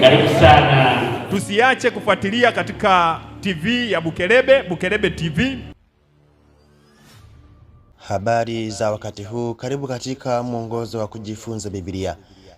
Karibu sana. Tusiache kufuatilia katika TV ya Bukelebe, Bukelebe TV. Habari za wakati huu, karibu katika mwongozo wa kujifunza Biblia,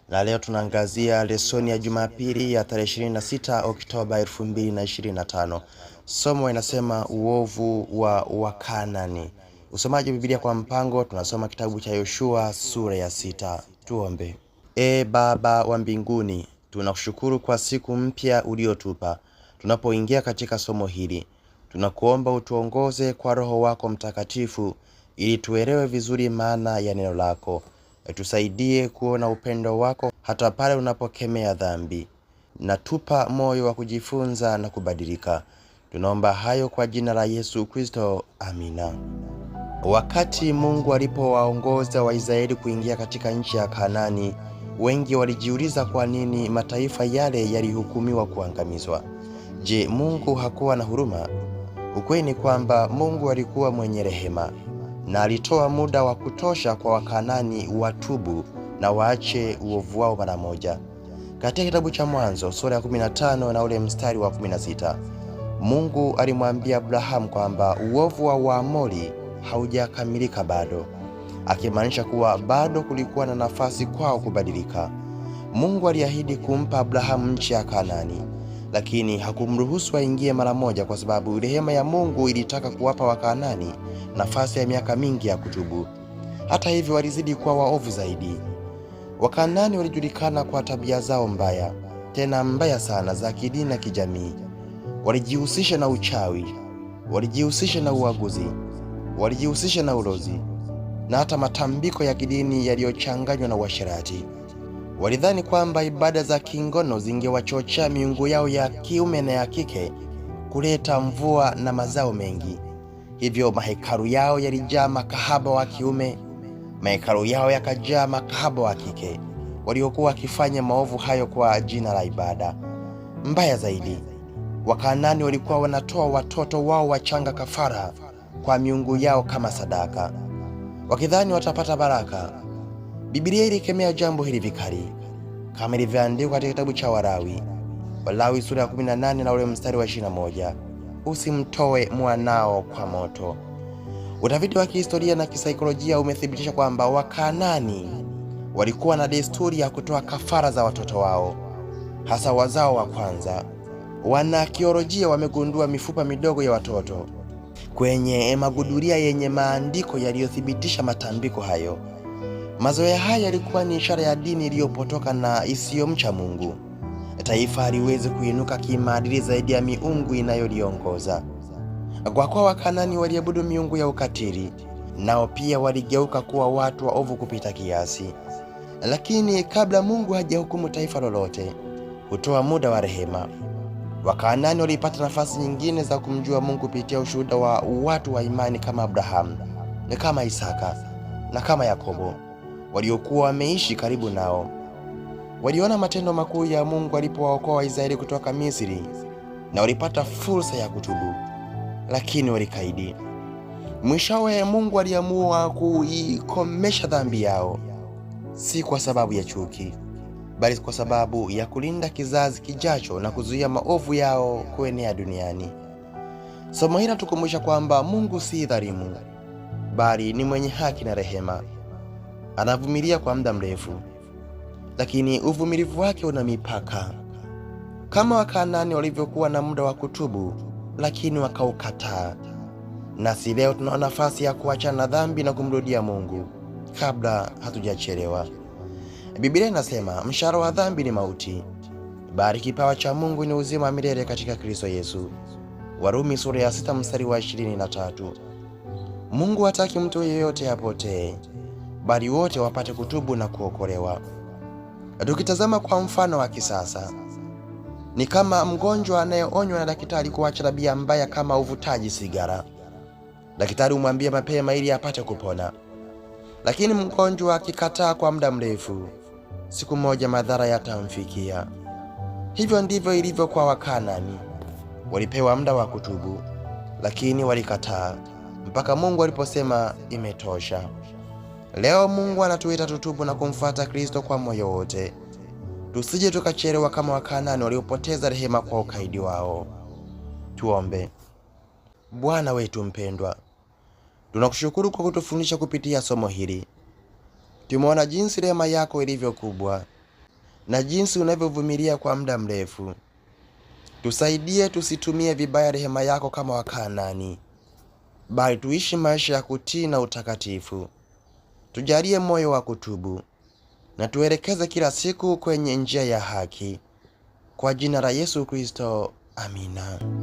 na leo tunaangazia lesoni ya Jumapili ya tarehe 26 Oktoba 2025. Somo inasema uovu wa Wakanani. Usomaji wa Biblia kwa mpango, tunasoma kitabu cha Yoshua sura ya sita. Tuombe. E Baba wa mbinguni, tunakushukuru kwa siku mpya uliotupa. Tunapoingia katika somo hili, tunakuomba utuongoze kwa Roho wako Mtakatifu ili tuelewe vizuri maana ya neno lako. Tusaidie kuona upendo wako hata pale unapokemea dhambi, na tupa moyo wa kujifunza na kubadilika. Tunaomba hayo kwa jina la Yesu Kristo, amina. Wakati Mungu alipowaongoza Waisraeli kuingia katika nchi ya Kanaani, Wengi walijiuliza kwa nini mataifa yale yalihukumiwa kuangamizwa. Je, Mungu hakuwa na huruma? Ukweli ni kwamba Mungu alikuwa mwenye rehema na alitoa muda wa kutosha kwa Wakanani watubu na waache uovu wao mara moja. Katika kitabu cha Mwanzo sura ya 15 na ule mstari wa 16, Mungu alimwambia Abrahamu kwamba uovu wa Waamori haujakamilika bado akimaanisha kuwa bado kulikuwa na nafasi kwao kubadilika. Mungu aliahidi kumpa Abrahamu nchi ya Kanaani, lakini hakumruhusu aingie mara moja, kwa sababu rehema ya Mungu ilitaka kuwapa Wakanaani nafasi ya miaka mingi ya kutubu. Hata hivyo, walizidi kuwa waovu zaidi. Wakanaani walijulikana kwa tabia zao mbaya, tena mbaya sana, za kidini na kijamii. Walijihusisha na uchawi, walijihusisha na uaguzi, walijihusisha na ulozi na hata matambiko ya kidini yaliyochanganywa na uasherati. Walidhani kwamba ibada za kingono zingewachochea miungu yao ya kiume na ya kike kuleta mvua na mazao mengi. Hivyo mahekalu yao yalijaa makahaba wa kiume, mahekalu yao yakajaa makahaba wa kike waliokuwa wakifanya maovu hayo kwa jina la ibada. Mbaya zaidi, Wakanani walikuwa wanatoa watoto wao wachanga kafara kwa miungu yao kama sadaka wakidhani watapata baraka. Biblia ilikemea jambo hili vikali kama ilivyoandikwa katika kitabu cha Walawi, Walawi sura ya 18 na ule mstari wa 21, usimtoe mwanao kwa moto. Utafiti wa kihistoria na kisaikolojia umethibitisha kwamba wakanani walikuwa na desturi ya kutoa kafara za watoto wao, hasa wazao wa kwanza. Wanakiolojia wamegundua mifupa midogo ya watoto kwenye maguduria yenye maandiko yaliyothibitisha matambiko hayo. Mazoea haya yalikuwa ni ishara ya dini iliyopotoka na isiyomcha Mungu. Taifa haliwezi kuinuka kimaadili zaidi ya miungu inayoliongoza. Kwa kuwa Wakanani waliabudu miungu ya ukatili, nao pia waligeuka kuwa watu waovu kupita kiasi. Lakini kabla Mungu hajahukumu taifa lolote, hutoa muda wa rehema. Wakaanani walipata nafasi nyingine za kumjua Mungu kupitia ushuhuda wa watu wa imani kama Abrahamu, na kama Isaka na kama Yakobo waliokuwa wameishi karibu nao. Waliona matendo makuu ya Mungu alipowaokoa Waisraeli kutoka Misri na walipata fursa ya kutubu, lakini walikaidi. Mwishowe Mungu aliamua kuikomesha dhambi yao, si kwa sababu ya chuki bali kwa sababu ya kulinda kizazi kijacho na kuzuia maovu yao kuenea duniani. Somo hili natukumbusha kwamba Mungu si dhalimu, bali ni mwenye haki na rehema. Anavumilia kwa muda mrefu, lakini uvumilivu wake una mipaka. Kama Wakanaani walivyokuwa na muda wa kutubu, lakini wakaukataa. Nasi leo tunayo nafasi ya kuachana na dhambi na kumrudia Mungu kabla hatujachelewa. Biblia inasema mshahara wa dhambi ni mauti, bali kipawa cha Mungu ni uzima wa milele katika Kristo Yesu. Warumi sura ya sita mstari wa ishirini na tatu. Mungu hataki mtu yeyote apotee, bali wote wapate kutubu na kuokolewa. Tukitazama kwa mfano wa kisasa, ni kama mgonjwa anayeonywa na daktari kuacha tabia mbaya kama uvutaji sigara. Daktari umwambia mapema ili apate kupona, lakini mgonjwa akikataa kwa muda mrefu siku moja madhara yatamfikia. Hivyo ndivyo ilivyo kwa Wakanani. Walipewa muda wa kutubu, lakini walikataa mpaka Mungu aliposema imetosha. Leo Mungu anatuita tutubu na kumfuata Kristo kwa moyo wote, tusije tukachelewa kama Wakanani waliopoteza rehema kwa ukaidi wao. Tuombe. Bwana wetu mpendwa, tunakushukuru kwa kutufundisha kupitia somo hili. Tumeona jinsi rehema yako ilivyo kubwa na jinsi unavyovumilia kwa muda mrefu. Tusaidie tusitumie vibaya rehema yako kama Wakanaani, bali tuishi maisha ya kutii na utakatifu. Tujalie moyo wa kutubu na tuelekeze kila siku kwenye njia ya haki, kwa jina la Yesu Kristo, amina.